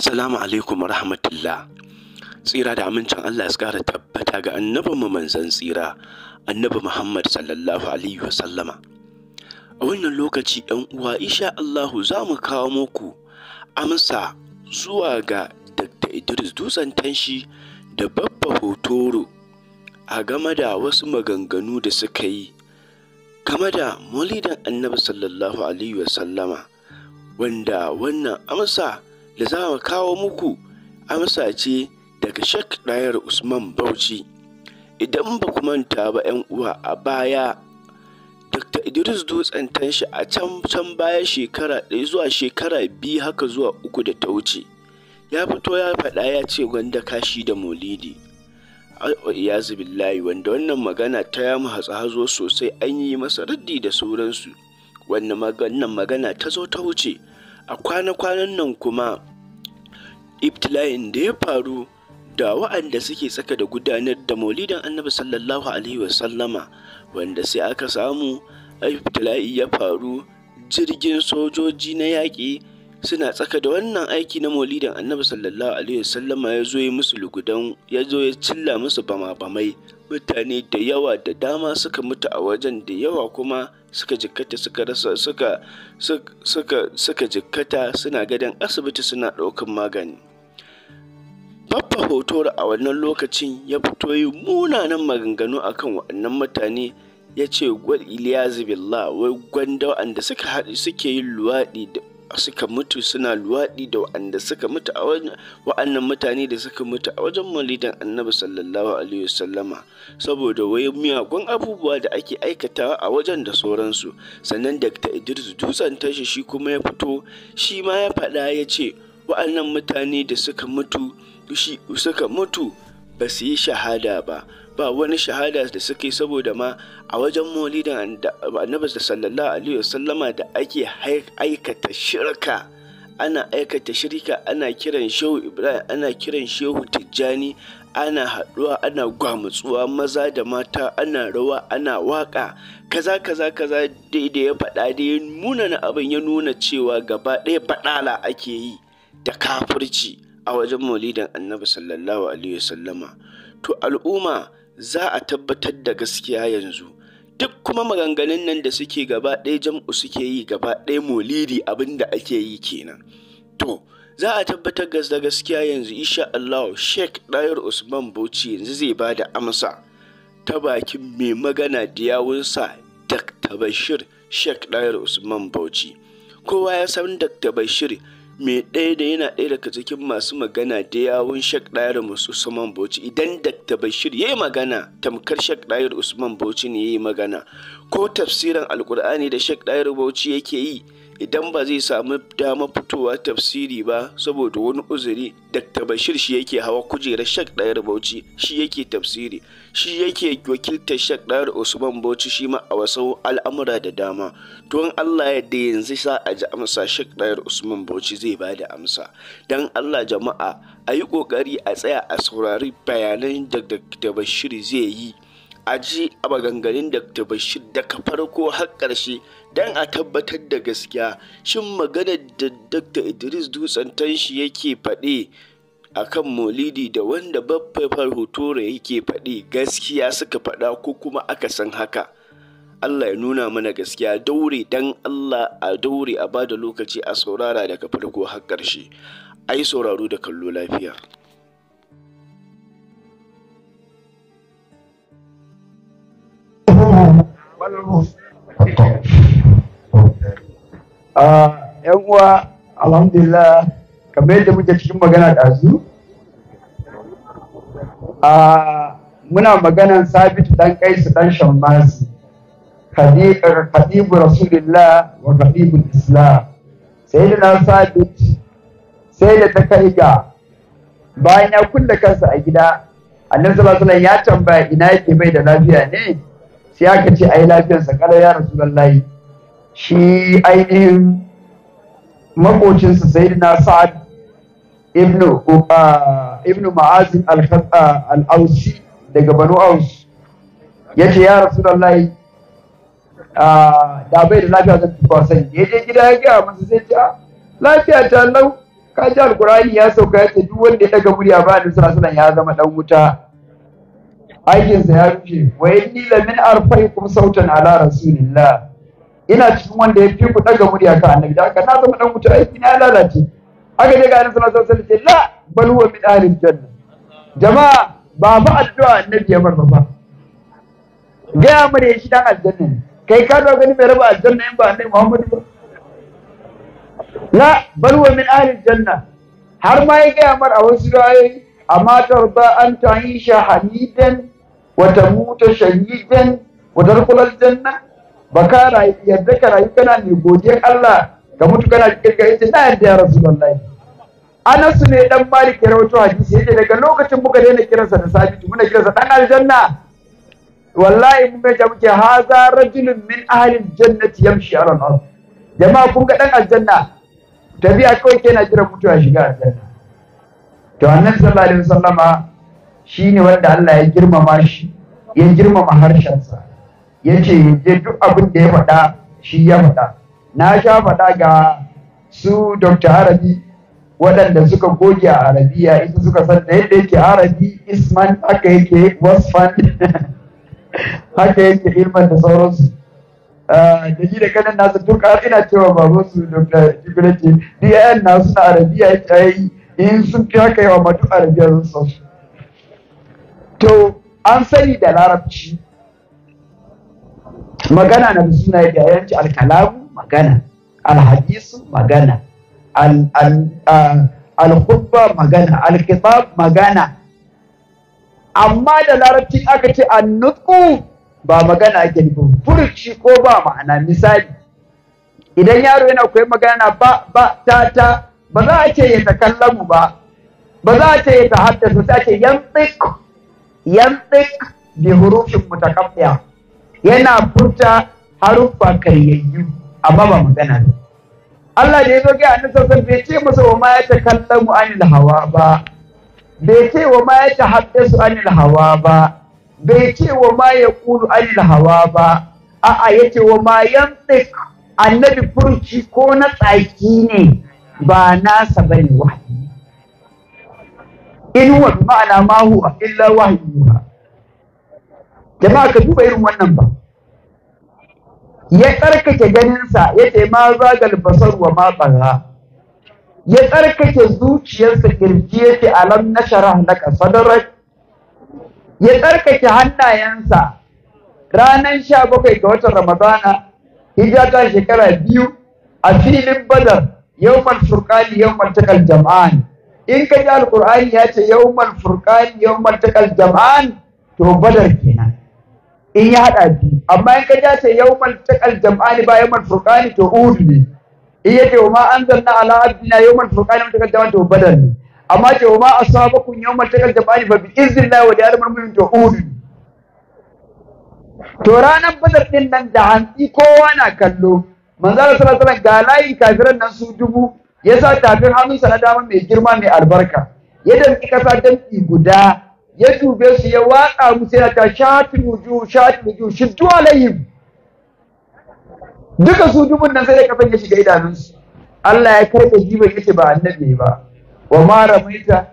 Assalamu alaikum rahmatullah. Tsira da amincin Allah ya ƙara tabbata ga annabin mu manzon tsira, annabi Muhammad sallallahu alaihi wa sallama. A wannan lokaci ɗan uwa insha Allahu za mu kawo muku amsa zuwa ga Dr. Idris Dutsen Tanshi da Babba Hotoro a game da wasu maganganu da suka yi game da maulidin annabi sallallahu alaihi wa sallama, wanda wannan amsa da za mu kawo muku amsa ce daga shek ɗayar Usman Bauchi. Idan ba ku manta ba 'yan uwa a baya Dr. Idris Dutsen tanshi a can can baya shekara ɗaya zuwa shekara biyu haka zuwa uku da ta wuce. Ya fito ya faɗa ya ce gwanda kashi da molidi. Iyazu billahi wanda wannan magana ta yamu hatsa-hazo sosai an yi masa raddi da sauransu. Wannan magana ta zo ta wuce. A kwana-kwanan nan kuma ibtila'in da ya faru da wa'anda suke tsaka da gudanar da maulidin annabi sallallahu alaihi wasallama wanda sai aka samu ibtila'i ya faru jirgin sojoji na yaƙi suna tsaka da wannan aiki na maulidin annabi sallallahu alaihi wasallama ya zo ya zo ya cilla musu bama-bamai mutane da yawa da dama suka mutu a wajen da yawa kuma suka jikkata suka rasa suka suka suna gadon asibiti suna ɗaukan magani ɗauki hoto da a wannan lokacin ya fito yi munanan maganganu akan waɗannan mutane ya ce gwal iliyazu billah wai gwanda waɗanda suka haɗu suke yin luwaɗi da suka mutu suna luwaɗi da wa'anda suka mutu a wa'annan mutane da suka mutu a wajen maulidan annabi sallallahu alaihi wasallama saboda wai miyagun abubuwa da ake aikatawa a wajen da sauransu sannan da ta idris dutsen tashi shi kuma ya fito shi ma ya faɗa ya ce wa'annan mutane da suka mutu bishi suka mutu ba su yi shahada ba ba wani shahada da suke saboda ma a wajen maulidin annabi sallallahu alaihi wasallama da ake aikata shirka ana aikata shirka ana kiran shehu ibrahim ana kiran shehu tijjani ana haɗuwa ana gwamutsuwa maza da mata ana rawa ana waƙa kaza kaza kaza da ya faɗa da ya nuna na abin ya nuna cewa gaba ɗaya baɗala ake yi da kafirci a wajen maulidin annabi sallallahu alaihi wasallama to al'umma za a tabbatar da gaskiya yanzu duk kuma maganganun nan da suke gaba ɗaya jam'u suke yi gaba ɗaya maulidi abin da ake yi kenan to za a tabbatar da gaskiya yanzu insha Allah Sheikh Dayar Usman Bauchi yanzu zai ba da amsa ta bakin mai magana da yawunsa Dr. Bashir Sheikh Dayar Usman Bauchi kowa ya san Dr. Bashir mai ɗaya da yana ɗaya daga cikin masu magana da yawun shek ɗayar usman bauchi idan da bashir ya yi magana tamkar shek ɗayar usman bauchi ne ya yi magana ko tafsirin alkur'ani da shek ɗayar bauchi yake yi idan ba zai samu dama fitowa tafsiri ba saboda wani uzuri dr bashir shi yake hawa kujerar shak ɗayar bauchi shi yake tafsiri shi yake wakiltar shak ɗayar usman bauchi shi ma a wasu al'amura da dama don allah ya yanzu sa a ji amsa shak ɗayar usman bauchi zai ba da amsa don allah jama'a a yi ƙoƙari a tsaya a saurari bayanan da dr bashir zai yi a ji a maganganun dr bashir daga farko har ƙarshe don a tabbatar da gaskiya shin maganar da Dr. Idris Dutsen tanshi yake faɗe a kan maulidi da wanda babbar hotore yake faɗi gaskiya suka faɗa ko kuma aka san haka Allah ya nuna mana gaskiya daure dan Allah a daure a ba da lokaci a saurara daga farko har ƙarshe ai sauraro da kallo lafiya Ah, yan uwa alhamdulillah kamar yadda muke cikin magana ɗazu ah, muna maganan sabitu dan kaisu dan shammasi khadibu rasulillah wa khadibu islam sai da na sabit sai da ta kai ga bayan ya kulle kansa a gida annabi sallallahu ya tambaya ina yake bai da lafiya ne sai aka ce ai lafiyarsa kala ya rasulullahi shi ainihin makocinsa na sa'ad ibn uh, ibnu ma'azin uh, al-ausi daga banu aus ya ce ya rasu uh, da bai da lafiya zan fi kwasan ya je gida ya gaya masa sai ce ah, lafiya ta lau ka ji alkurani ya sauka ya ce duk wanda ya daga murya ba ni sallallahu ya zama dan wuta aikinsa ya rufe wa nila lamin arfai kuma sautan ala rasulillah ina cikin wanda ya fi ku daga murya ka annabi da haka na zama dan wuta aiki na lalace haka je ga annabi sallallahu alaihi wasallam la bal huwa min ahli janna jama'a ba fa addu'a annabi ya bar ba gaya amare shi dan aljanna kai ka zo gani mai raba aljanna in ba annabi Muhammadu ba la bal huwa min ahli janna har ma ya gaya amar a wasu ra'ayi amma tarda an ta'isha hamidan wa tamuta shahidan wa tarkulal janna Baka ka yadda ka rayu kana mai godiyar Allah ka mutu kana kirga yace na yadda ya rasu, wallahi. Anas ne dan Malik ya rawaito hadisi yace daga lokacin muka daina kiransa da sabi muna kiransa dan aljanna wallahi mun ga muke haza rajulun min ahli aljannati yamshi ala al-ard jama'a kun ga dan aljanna tabi'a kawai ke na jira mutuwa shiga aljanna to annabi sallallahu alaihi wasallama shine wanda Allah ya girmama shi ya girmama harshensa ya ce je duk abin da ya faɗa shi ya faɗa na sha faɗa ga su dr arabi waɗanda suka goge a arabiya ita suka san da yadda yake arabi isman haka yake wasfan haka yake ilman da sauransu ah, da ni da kanan nasu duk har ina cewa babansu dr jibril ce duk yayan nasu na arabiya yi. in sun fi haka yawa matu arabiya sun sau to an sani da larabci magana na suna da yanci alkalamu magana alhadisu magana alhubba magana alkitab magana amma da larabci aka ce annutku ba magana ake nufin furci ko ba ma'ana misali idan yaro yana koyi magana ba ba ta ta ba za a ce ya takallamu ba ba za a ce ya tahaddasa sai a ce yantsik yantsik bi hurufin yana furta haruffa karyayyu amma ba magana ba Allah da ya zo gaya annabi sallallahu bai ce masa wa ma ya mu anil hawa ba bai ce wa ma ya su anil hawa ba bai ce wa ma ya anil hawa ba a'a yace wa ma tsik annabi furci ko na tsaki ne ba nasa bane wahayi in wa ma'ana ma huwa illa wahyuha jama'a ka duba irin wannan ba ya tsarkake ganinsa ya ce ma zagal basar wa ma tsara ya tsarkake zuciyarsa kirji ya ce alam na shara na kasadarar ya tsarkake hannayensa ranar sha bakwai ga watan ramadana hijja ta shekara biyu a filin badar yawmal yau yawmal takal jama'an in ka ji Alƙur'ani ya ce yawmal yau yawmal takal jama'an to badar ke in ya haɗa biyu amma in ka ja ce yau mal jam'ani ba yau mal to uhudu ne in ya ce wa ma an zanna ala abdina yau mal furƙani mal taƙal jam'ani to badal ne amma ce wa ma asabakum yau mal takal jam'ani ba bi iznillahi wa diyar mulmin to uhudu ne to ranar badar ɗin nan da hantsi kowa na kallo manzara sallallahu alaihi ga layin kafiran nan su dubu ya sa tafin hannunsa na dama mai girma mai albarka ya danki kasa danki guda ya dube su ya watsa musu yana ta shatin wuju shatin wuju shiddu alaihim duka su dubun nan sai da kafan ya shiga idanunsu Allah ya kai da jiban yace ba annabi ba wa ma ramaita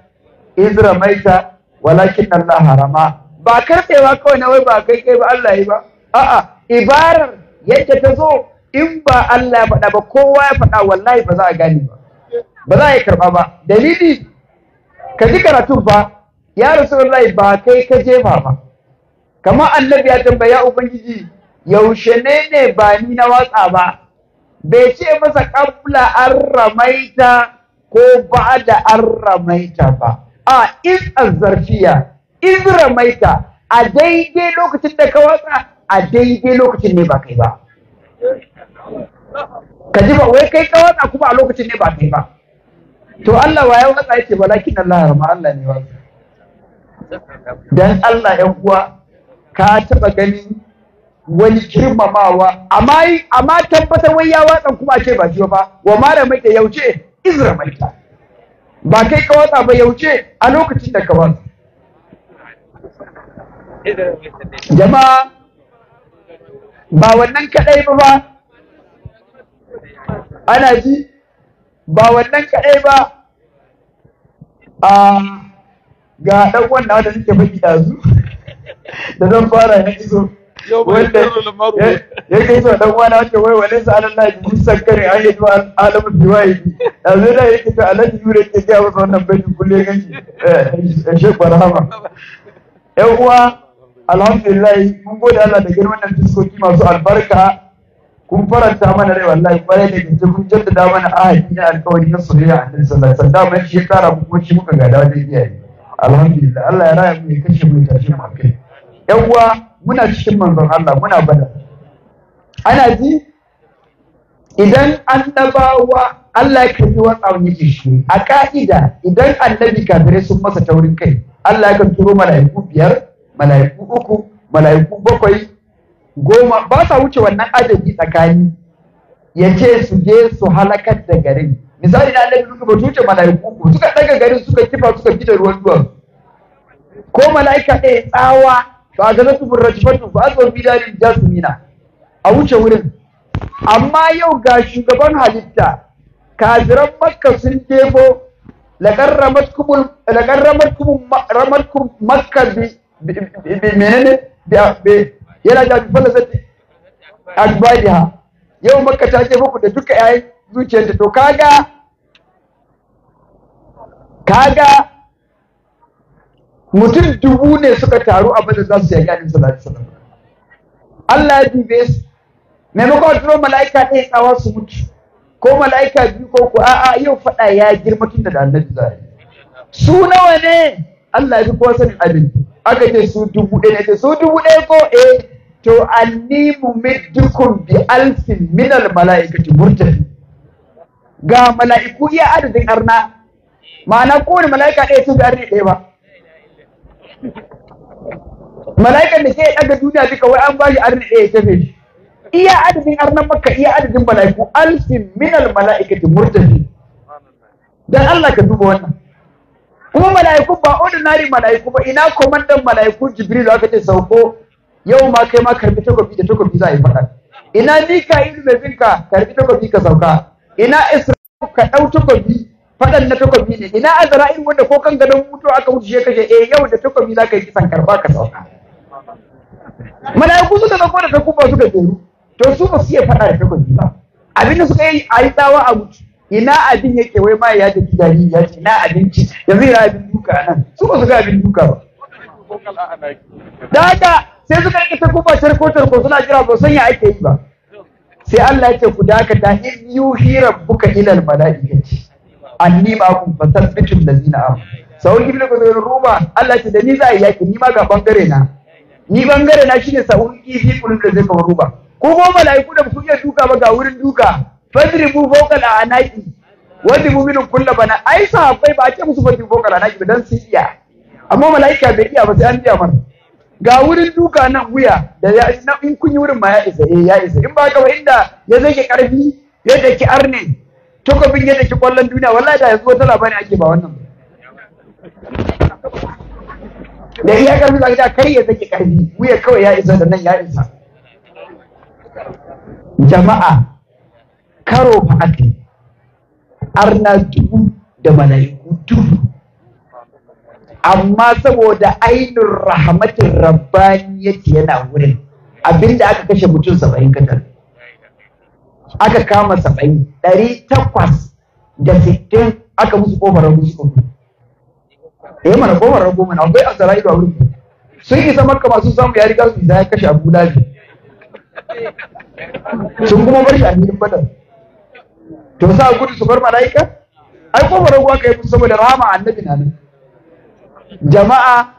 iz ramaita walakin Allah harama ba karbewa kawai na wai ba kai kai ba Allah yi ba a'a ibarar yadda ta zo in ba Allah ya faɗa ba kowa ya faɗa wallahi ba za a gane ba ba za a yi karɓa ba dalili ka ji karatun ba ya rasulullahi ba kai ka jefa ba kamar annabi ya tambaya ubangiji yaushe ne ne ba ni na watsa ba bai ce masa kabla an ramaita ko ba da an ramaita ba a iz azzarfiya in ramaita a daidai lokacin da ka watsa a daidai lokacin ne ba kai ba ka ji ba wai kai ka watsa kuma a lokacin ne ba kai ba to Allah wa ya watsa yake balakin Allah ya rama Allah ne watsa dan Allah ‘yan uwa ka taɓa gani wani girmamawa amma tabbatar wai ya watsa kuma ce ba jiyo ba wa mai da yauce izra ta. ba kai ka watsa ba yauce a lokacin da ka watsa jama'a ba wannan kadai ba ba ana ji ba wannan kadai ba a ah, ga dan wannan wanda nake faɗi ɗazu da zan fara ya iso wanda ya kai so dan wani wanda wai wani sa anan lafi musan kare an yi zuwa alamun biwayi ɗazu da yake to alaji yure ke gaya wasu wannan baiti kulle ganshi eh, eh, shekwa rahama yan uwa alhamdulillah mun gode Allah da girman nan fiskoki masu albarka kun faranta mana rai wallahi kwarai da gaske kun jaddada mana ahadi na alkawari na soyayya a nan sallallahu alaihi mai shekara kara mu kuma shi muka gada wajen iyaye alhamdulillah Allah ya raya mu ya kashe mu ya tashe mu akai yawwa muna cikin manzon Allah muna bada ana ji idan annabawa Allah ya karbi watsa yake shi a ka'ida idan annabi kafirai sun masa taurin kai Allah ya kan turo mala'iku biyar mala'iku uku mala'iku bakwai goma ba sa wuce wannan adadi tsakani ya ce su je su halakar da garin misali na annabi suka ba tuce mala'iku ko suka daga garin suka kifa suka fita ruwan zuwa. ko mala'ika ɗaya tsawa to a gazatu burrajfatu fa azwa su jasmina a wuce wurin amma yau ga shugaban halitta kafiran makka sun debo laƙar ramatkum makka bi menene yana da bi falasa yau makka ta debo ku da duka 'ya'yan. zuciyarta to kaga kaga mutum dubu ne suka taru a da za su yi annabi sallallahu alaihi wasallam Allah ya dube su maimakon turo mala'ika ɗaya tsawa su mutu ko mala'ika biyu ko ku a'a yau faɗa ya girma tun da annabi zai su nawa ne Allah ya fi kowa sanin abin aka ce su dubu ɗaya ne su dubu ɗaya ko e to annimu dukun bi alfin minal mala'ikati murtafi ga mala'iku iya adadin arna ma'ana kowane mala'ika ɗaya sun fi ɗaya ba mala'ikan da ke ɗaga duniya duka wai an ba shi arna ɗaya ta fi iya adadin arnan maka, iya adadin mala'iku alfin minal mala'ikati murtafi dan Allah ka duba wannan kuma mala'iku ba ordinary mala'iku ba ina komandan mala'iku jibril aka ce sauko yau ma kai ma karbi takobi da takobi za a yi faɗa ina mika ilu mai binka karbi takobi ka sauka ina isra'il ka ɗau takobi faɗan na takobi ne ina azra'il wanda ko kan gadon mutuwa aka wuce ya kashe eh yau da takobi za ka yi kisan karɓa ka sauka mala'iku suka zako da takuba suka jeru to su ba su iya faɗa da takobi ba abinda suka yi a yi tsawa a wuce ina abin yake wai ma ya tafi gari ya ce ina abinci yanzu ina abin duka nan su ba su ga abin duka ba da haka sai suka rika takuba tarko tarko suna jira ba san ya ake yi ba sai Allah ya ce ku dakata in yuhi rabbuka ila al malaikati anni ma'akum fasabbitul ladina amanu sa'ul ibn gudun ruma Allah ce da ni za a yaki ni ma ga bangare na ni bangare na shine sa'ul ibn gudun da zai kawo ruba ko ko malaiku da ku iya duka ba ga wurin duka fadribu Anaki, al'anaqi mu min kullu bana ai sahabbai ba a ce musu fadribu fawqa al'anaqi dan su iya amma malaika bai iya ba sai an biya mana ga wurin duka nan wuya da ya na in kun yi wurin ma ya isa eh ya isa in ba ka wa inda ya zage karfi yadda ki arne takobin yadda ki kwallon duniya wallahi da yanzu wata labari ake ba wannan da iya karfi zaka ta kai ya zage karfi wuya kawai ya isa da nan ya isa jama'a karo fa'ati arna dubu da mala'iku dubu amma saboda ainihin rahmatin rabbaniyati yana wurin abinda aka kashe mutum saba'in katar aka kama saba'in ɗari takwas da sittin aka musu kofar rabu su kudu ya eh yi mana kofar rabu mana akwai a ido a wurin sun isa makka masu samu ya riga su isa ya kashe abu lafi sun kuma bar shi a filin badar to sa gudu su bar mala'ika ai kofar rabu aka yi musu saboda rama annabi na nan jama'a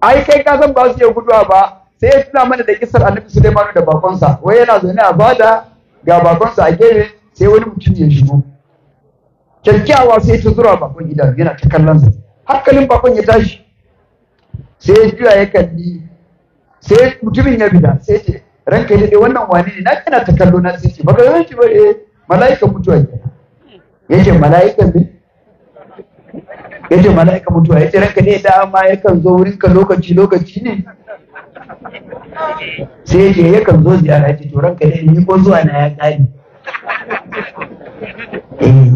ai kai ka san ba su iya guduwa ba sai ya tuna mana da kisar annabi Sulaimanu da bakonsa wai yana zaune a bada ga bakonsa a gefe sai wani mutum ya shigo kyakkyawa sai ta zura bakon idanu yana ta kallon sa hankalin bakon ya tashi sai ya juya ya kalli sai mutumin ya bida sai ce ranka ne wannan wani ne na kana ta kallo na sai ce baka zan shi ba eh mala'ikan mutuwa kenan yake mala'ikan ne ya ce mala'ika mutuwa ya ce ranka ne dama yakan zo wurin ka lokaci lokaci ne sai ya ce yakan zo ziyara ya ce to ranka ne ni ko zuwa na ya kare eh,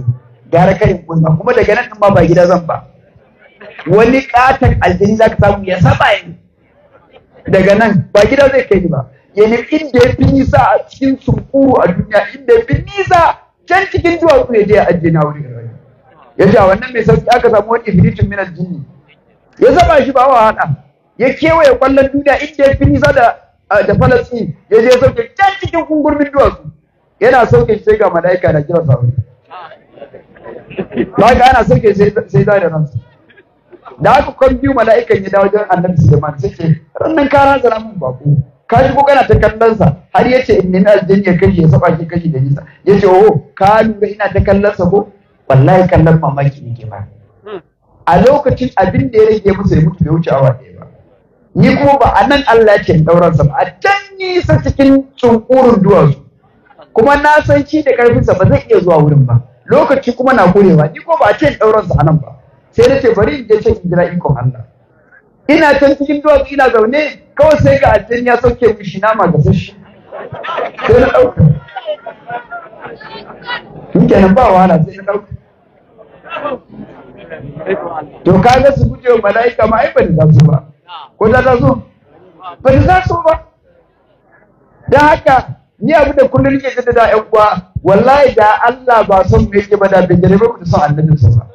Gara gara kai kuma kuma daga nan ma ba gida zan ba wani katon aljini ka samu ya saba ni daga nan ba gida zai kai ni ba yana inda ya fi nisa a cikin sunkuru a duniya inda ya fi nisa can cikin duwatsu ya je a ajiye na wuri ya ce a wannan mai sauki aka samu wani ifritin min jini. ya zaba shi ba wa hada ya kewaye kwallon duniya inda ya nisa da da falastin ya je sauke can cikin kungurmin duwatsu yana sauke shi sai ga mala'ika na kira sauri ba ka ana sauke sai za da ransu da aka kwan biyu mala'ikan ya dawo jan annabi suleiman sai ce rannan ka razana min bako ka ko kana ta kallonsa har ya ce in nemi aljani ya kashe ya saba shi kashe da nisa ya ce oh ka lura ina ta kallonsa ko wallahi kallon mamaki ne ke ba hmm. a lokacin abin da ya rage musu ya mutu bai wuce awa ɗaya ba ni kuma ba a nan Allah ce ɗauran sa ba a can nisa cikin tsunkurin duwatsu kuma na san shi da ƙarfinsa ba zai iya zuwa wurin ba lokaci kuma na gurewa ni kuma ba a ce ɗauran sa a nan ba sai na ce bari in je can jira ikon Allah ina can cikin duwatsu ina zaune kawai sai ga aljani ya sauke mu shi nama ga sashi sai na ɗauka. Ni kenan ba wahala sai na ɗauka. to kaga su guje wa mala'ika ma ai ba da zasu ba ko da zasu ba da zasu ba dan haka ni abu da kullun nake jaddada da ƴan uwa wallahi da Allah ba son me yake ba da bai gare ba mu san annabin sa ba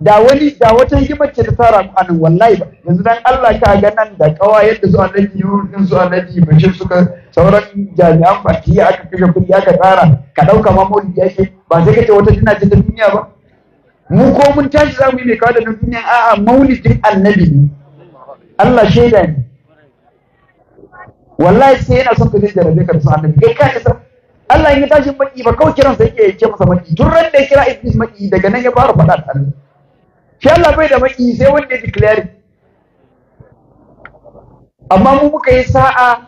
da wani da wata hikimar ce ta tsara ku anan wallahi ba yanzu dan Allah ka ga nan da kawa yadda su annabi yurin su annabi shi suka sauran jami'an fatiya aka kashe kuɗi aka tsara ka dauka mamoli yake ba sai kace wata tana ce ta duniya ba mu ko mun tashi za mu yi mai kawo da duniya a'a maulidin annabi ne Allah shaida ne wallahi sai yana son ka zai jarabe ka san annabi kai ka isa Allah in ya tashi maki ba kawai kiran sa yake ce masa maki tun ran da ya kira Iblis maki daga nan ya fara faɗa da Allah shi Allah bai da maki sai wanda ya declare amma mu muka yi sa'a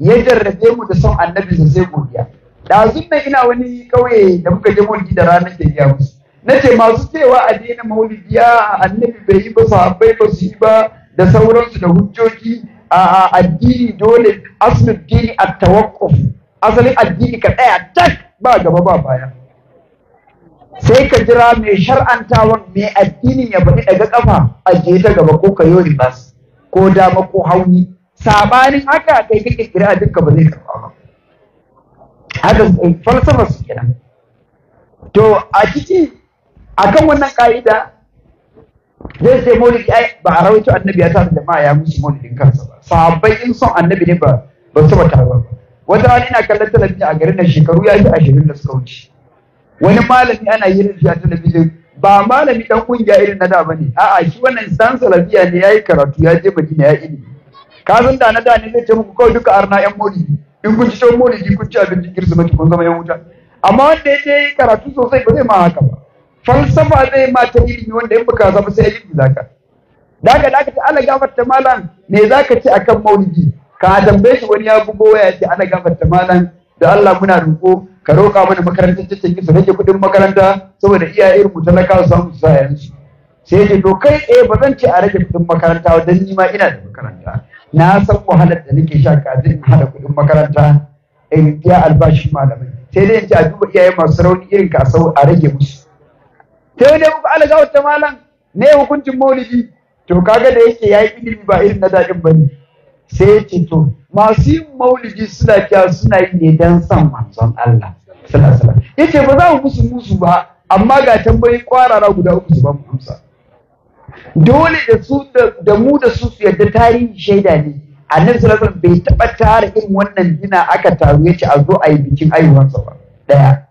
ya jarrabe mu da son annabi sai godiya da nan ina wani kauye da muka je mulki da ranar da ya musu na ce masu cewa addinin daina maulidi a annabi bai yi ba sahabbai ba su yi ba da sauransu da hujjoji a addini dole asalin dini a tawakkuf asalin addini ka tsaya tak ba gaba ba baya sai ka jira mai shar'antawan mai addini ya bani daga kafa a je ta gaba ko ka yi bas ko dama ko hauni sabanin haka kai kake kira dukkan ba zai kafa ba haka eh, falsafa su kenan to a ciki akan wannan ka'ida zai sai maulidi ai ba a rawaito annabi ya tara jama'a ya musu maulidin kansa ba sahabbai in son annabi ne ba ba su bata ba wata rana ina kallon talabijin a garin nan shekaru ya yi ashirin da suka wuce wani malami ana yin rufi a talabijin ba malami dan kungiya irin na da ba ne a'a shi wannan san salafiya ne ya yi karatu ya je madina ya yi ilimi ka san da na da ne zai ce muku kawai duka arna yan maulidi in kun ci shan maulidi kun ci abincin kirsimeti kun zama yan wuta amma wanda ya je karatu sosai ba zai ma haka ba falsafa zai ma ta ilimi wanda in baka zama sai ilimi ka. daga da ta ana ta malam me za zaka ce akan maulidi ka tambaye shi wani ya bugo waya ce ana ta malam da Allah muna roƙo ka roƙa mana makarantar ta su rage kuɗin makaranta saboda iyaye mu talaka su samu su sa sai ce to kai eh ba zan ce a rage kuɗin makaranta dan ni ma ina da makaranta na san wahalar da nake sha kafin hada kuɗin makaranta in biya albashin malamai sai dai in ce a duba iyaye masu rauni irin kasau a rage musu sai dai muku alaga wata malam ne hukuncin maulidi to kaga da yake ya yi ilimi ba irin na ba ne sai ya ce to masu yin maulidi suna kya suna yi ne don san manzon Allah ya yace ba za mu musu musu ba amma ga tambayi kwarara guda uku su ba mu amsa dole da su da mu da su su yadda tarihi shaida ne annabi sallallahu alaihi bai taba tara irin wannan dina aka taru yace a zo a yi bikin ayyukansa ba daya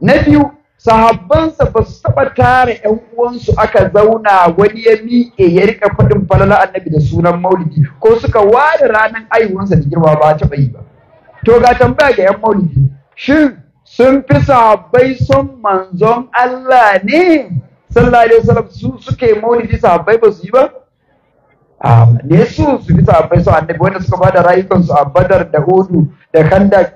na biyu sahabbansa ba su taɓa tara ‘yan uwansu aka zauna wani ya miƙe ya rika faɗin falala annabi da sunan maulidi ko suka ware ranar aihuwansa da girma ba taɓa yi ba. To ga tambaya ga ‘yan maulidi, shin sun fi sahabbai son manzon Allah ne? Sallallahu Alaihi Wasallam su suke maulidi sahabbai ba su yi ba? ne su su fi sahabbai son annabi wanda suka bada rayukansu a badar da hudu da kandak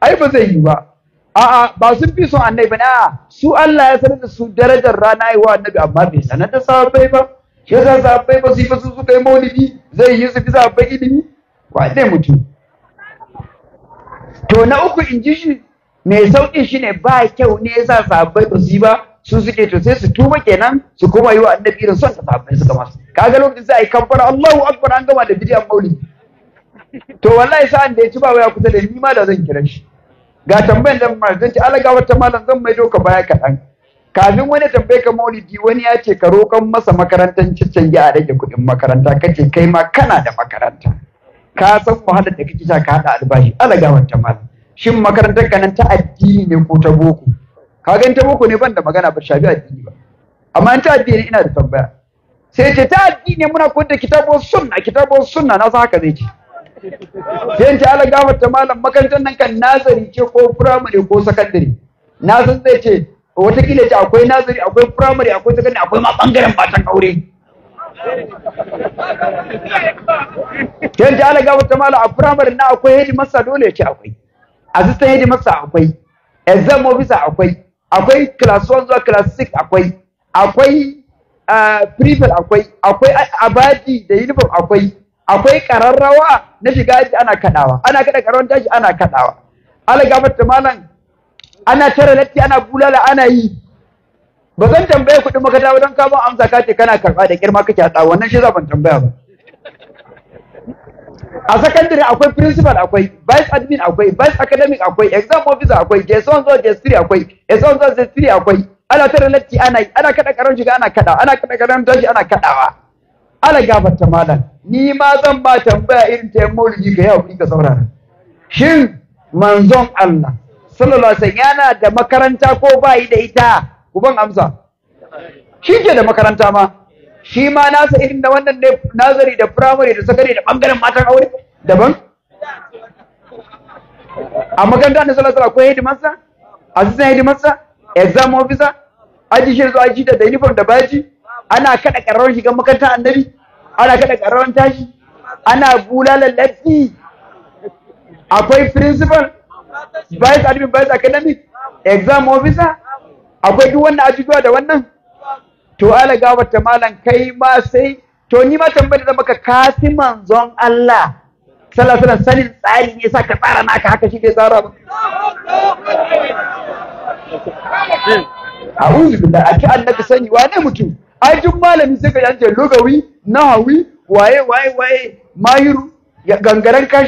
ai ba zai yi ba a'a ba sun fi son annabi ba a'a su Allah ya sanar da su darajar rana wa annabi amma bai sanar da sahabbai ba shi yasa sahabbai ba su yi su kai maulidi zai yi su fi sahabbai ilimi wa zai mutu to na uku in ji shi mai sauƙi shine ba kyau ne yasa sahabbai ba su yi ba su suke to sai su tuba kenan su kuma yi wa annabi irin son da sahabbai suka masa kaga lokacin sai ai kamfara Allahu akbar an gama da bidiyan maulidi to wallahi sa'an da ya ci ba waya kusa da ni ma da zan kira shi ga tambayan da malam zance a'la ga wata malam zan mai doka baya kaɗan kafin wani tambaye ka maulidi wani ya ce ka roƙon masa makarantar ciccen ya rage kuɗin makaranta kace kai ma kana da makaranta ka san wahalar da kake sha ka haɗa albashi ga wata malam shin makarantar ka nan ta addini ne ko ta boko ka gan ta boko ne ban da magana ba shafi addini ba amma ta addini ina da tambaya sai ce ta addini muna kunta kitabun sunna kitabun sunna na san haka zai ce sai ta ala gafarta malam makarantar nan kan nazari ce ko firamare ko sakandare na san zai ce watakila ce akwai nazari akwai firamare akwai sakandare akwai ma bangaren batan aure sai ta ala gafarta malam a firamare na akwai hedi masa dole ce akwai assistant hedi masa akwai exam officer akwai akwai class 1 zuwa class 6 akwai akwai eh, prefect akwai akwai abadi da uniform akwai akwai ƙararrawa na shiga aji ana kaɗawa ana kaɗa ƙararrawan tashi ana kaɗawa ala gafarta malam ana tara latti ana bulala ana yi ba zan tambaye kuɗin makaranta ba don kama amsa ka ce kana karba da girma kake tsawo. wannan shi zaban tambaya ba a sakandare akwai principal akwai vice admin akwai vice academic akwai exam officer akwai jason zo j3 akwai jason zo j3 akwai ana tara latti ana yi ana kada ƙararrawan shiga ana kaɗawa ana kada ƙararrawan tashi ana kaɗawa ala gafarta malam ni ma zan ba tambaya irin ta maulidi ga yau ka saurara shin manzon Allah sallallahu alaihi yana da makaranta ko yi da ita uban amsa shi ke da makaranta ma shi ma nasa irin da wannan ne nazari da primary da sakare da bangaren matan aure daban a makaranta ne sallallahu alaihi ko hidimansa assistant hidimansa exam officer aji shi da aji da uniform da baji ana kada ƙararrawar shiga makarantar annabi ana kada ƙararrawar tashi ana bulalar lafi akwai principal vice admin vice academic exam officer akwai duk wannan ajujuwa da wannan to ala ta malam kai ma sai to ni ma tambayar da maka kasi manzon Allah sallallahu alaihi sanin tsari ne sa ka tsara naka haka shi ne tsara ba a'udhu billahi a annabi sani wane mutum ai duk malami sai ka ji an ce lugawi nahawi waye waye waye mahiru gangaren ka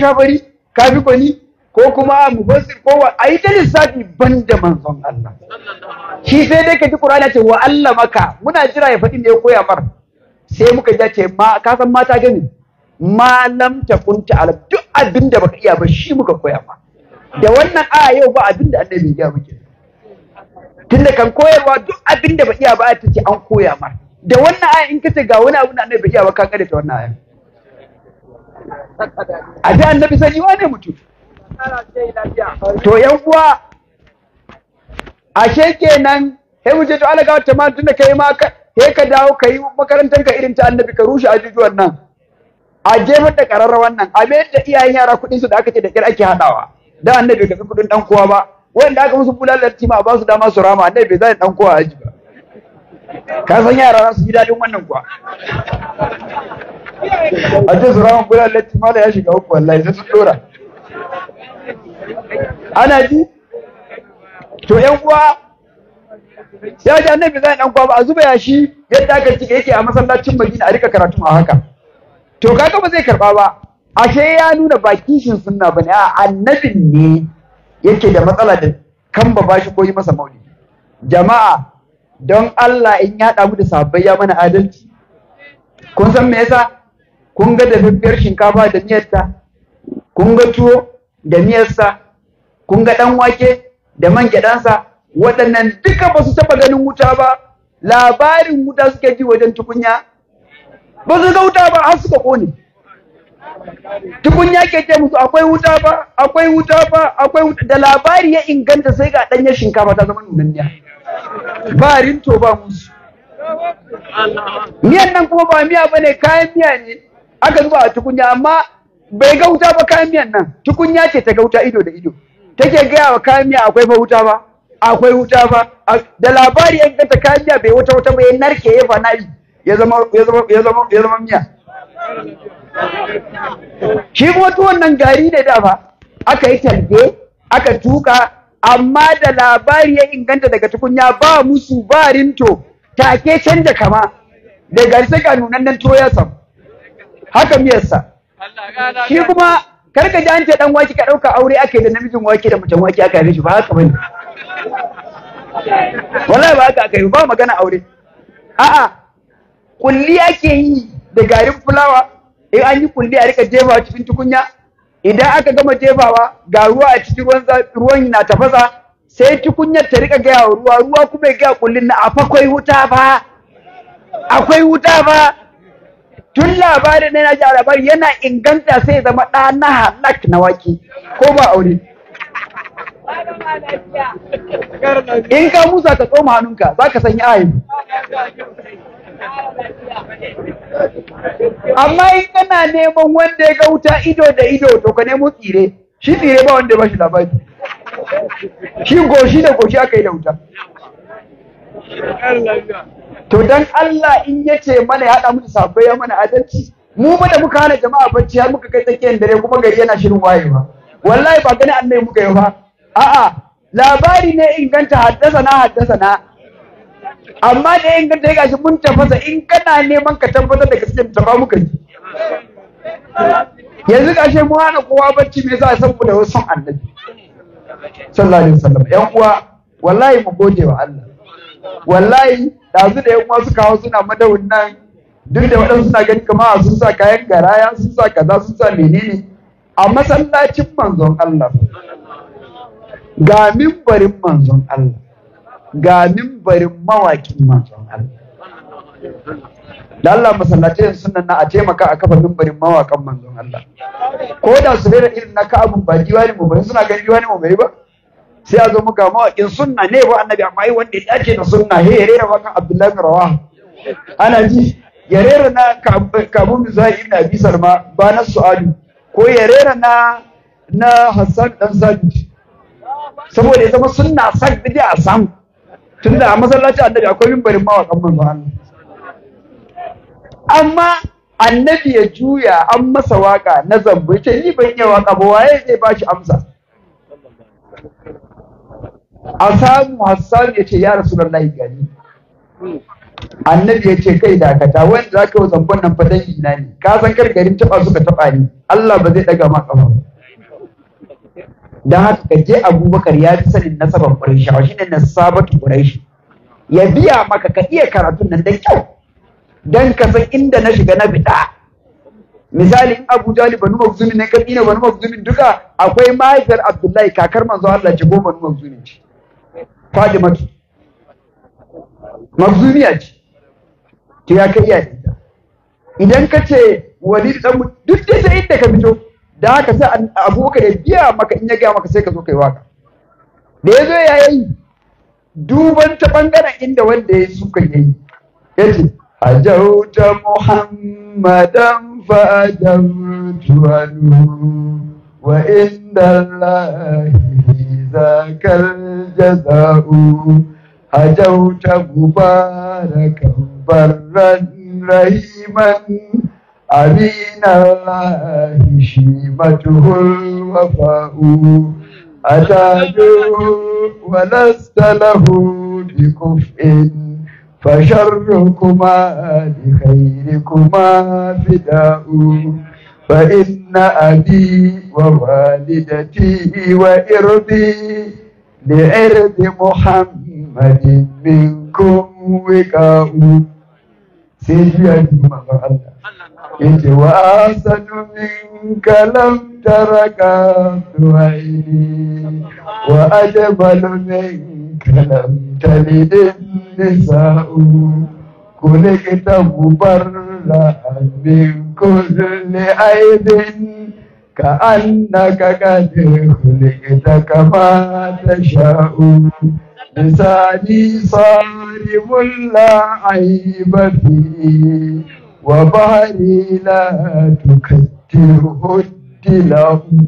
kafi kwani ko kuma mufassir ko wa Ayi ta lissafi ban da manzon Allah shi sai dai ka ji Qur'ani ce wa Allah maka muna jira ya faɗi ne ya koya mar sai muka ji ce ma ka san mata gani ma lam kunta ta'lam duk abin da baka iya ba shi muka koya ma da wannan aya yau ba abin da annabi ya muke tunda kan koyarwa duk abin da ba iya ba ta ce an koya mar da wannan aya in kace ga wani abu na, annabi bai iya ba kare ta wannan aya a da annabi sani wane mutum to yan uwa ashe kenan sai muje to alaka wata ma tunda kai ma he ka dawo kai makarantar ka irin ta annabi ka rushe ajujuwan nan a jefar da kararrawan wannan, a mayar da iyayen yara kudin su da aka ce da kira ake haɗawa da annabi ka karɓi kuɗin ɗan kowa ba wanda aka musu bulalar tima ba su dama su rama annabi bai zai ɗan kowa aji ba ka san yara za su ji dadin wannan kuwa a ce su ramin bulan latti mala ya shiga uku wallahi sai sun dora ana ji to yan uwa ya ji annabi zai dan kwaba a zuba ya shi yadda aka cika yake a masallacin Madina a rika karatu a haka to kaga ba zai karba ba ashe ya nuna ba kishin sunna bane a annabin ne yake da matsala da kan ba bashi ko yi masa maulidi jama'a don Allah in ya mu da sabbai ya mana adalci kun san me yasa kun ga dafaffiyar shinkafa da miyarta kun ga tuwo da miyarsa kun ga ɗan wake da man gyaɗansa waɗannan duka ba su taɓa ganin wuta ba labarin wuta suke ji wajen tukunya ba su ga wuta ba har suka ƙone tukunya ke ce musu akwai wuta ba akwai wuta ba akwai wuta da labari ya inganta sai ga ɗanyar shinkafa ta zama nunanniya ba rinto ba musu miyan nan kuma ba miya bane kayan miya ne aka zuba a tukunya amma bai gauta ba kayan miyan nan tukunya ce ta gauta ido da ido take gaya wa kayan miya akwai fa wuta ba akwai wuta ba da labari yan ganta kayan miya bai wuta wuta ba ya narke ya fa nayi ya zama ya zama ya zama ya zama miya shi kuma tuwon nan gari ne da ba aka yi targe, aka tuka amma da labari ya inganta daga tukunya ba musu ba rinto take canja kama da ga nunan nan to ya samu haka miyarsa shi kuma karka ji an ce dan wake ka dauka aure ake da namijin wake da mutum wake aka yi shi ba haka bane wallahi ba haka aka yi ba magana aure a'a kulli ake yi da garin fulawa in an yi kulli a rika jefa cikin tukunya idan aka gama jefawa ga ruwa a cikin ruwan ruwan na tafasa sai tukunyar ta rika gaya ruwa ruwa kuma ya gaya kullun na akwai wuta fa akwai wuta fa tun labarin na ji a labari yana inganta sai zama ɗa na halak na waki ko ba aure in ka musa ka tsoma hannunka za ka sanya ayin amma in kana neman wanda ya ga wuta ido da ido to ka nemo tsire shi tsire ba wanda ba shi labari shi goshi da goshi aka yi da wuta to dan Allah in ya ce mana ya haɗa musu sabbai ya mana adalci mu ba da muka hana jama'a bacci har muka kai tsakiyar dare kuma gari yana shirin wayewa wallahi ba gani annai muka yi ba a'a labari ne inganta haddasa na haddasa na amma da yin ganta ya gashi mun tafasa in kana neman ka tabbatar da gaske tafa muka ji yanzu gashi mu hana kowa bacci me yasa saboda wasu annabi sallallahu alaihi wasallam yan uwa wallahi mu gode wa Allah wallahi dazu da yan uwa suka kawo suna madawin nan duk da wadansu suna gani kamar sun sa kayan garaya sun sa kaza sun sa menene a masallacin manzon Allah ga mimbarin manzon Allah ga mimbarin mawakin manzon Allah da Allah da sunan na a taimaka a kafa mimbarin mawakan manzon Allah ko da su da irin na ka'abun ba diwani mu bari suna ganin diwani mu bari ba sai a zo muka mawakin sunna ne ba annabi amma ai wanda ya ce da sunna he yare da wakan Abdullahi Rawah ana ji yare na kabun zai ibn Abi Salma ba na su'adu ko yare na na Hassan dan Sabit saboda ya zama sunna sak a samu. tunda a masallacin annabi akwai mimbarin mawaƙan manzo Allah amma annabi ya juya an masa waka na zambo ce ni ban iya waka ba waye zai ba shi amsa a samu hassan ya ce ya rasu rasulullahi gani annabi ya ce kai dakata wanda za ka yi zambon nan fadan ina ne ka san kar garin taba suka taba ni Allah ba zai daga ma kafa ba don haka ka je abubakar ya fi sanin nasabar ƙwarishawa shi ne sabatu ƙwarishi ya biya maka ka iya karatun nan don kyau don ka san inda na shiga na fita misali in abu jali banu mazumin ne kabila banu mazumin duka akwai mahaifiyar abdullahi kakar manzo allah ce ko banu mazumin ce fadimatu mazumiya ce to ya kai iya idan ka ce wani duk da inda ka fito da haka sai abubakar ya biya maka in ya gaya maka sai ka zo kai waka da ya zo ya duban ta bangaren inda wanda ya suka yi ya ce ta muhammadan fa'adamtu tuwanu wa inda lahi zakar jaza'u hajauta mubarakan barran rahiman أرينا الله شيمته الوفاء أتاد ولست له بكفء فشركما لخيركما فداء فإن أبي ووالدتي وإرضي لعرض محمد منكم وقاء سيدي الله yace wa asadu minka lam taraka du'aini wa ajbalu minka lam talid nisa'u كلكت مبرأ من كل عيب كأنك قد خلقت كما تشاء لساني صارم لا عيب فيه وبحري لا تكثره الدلام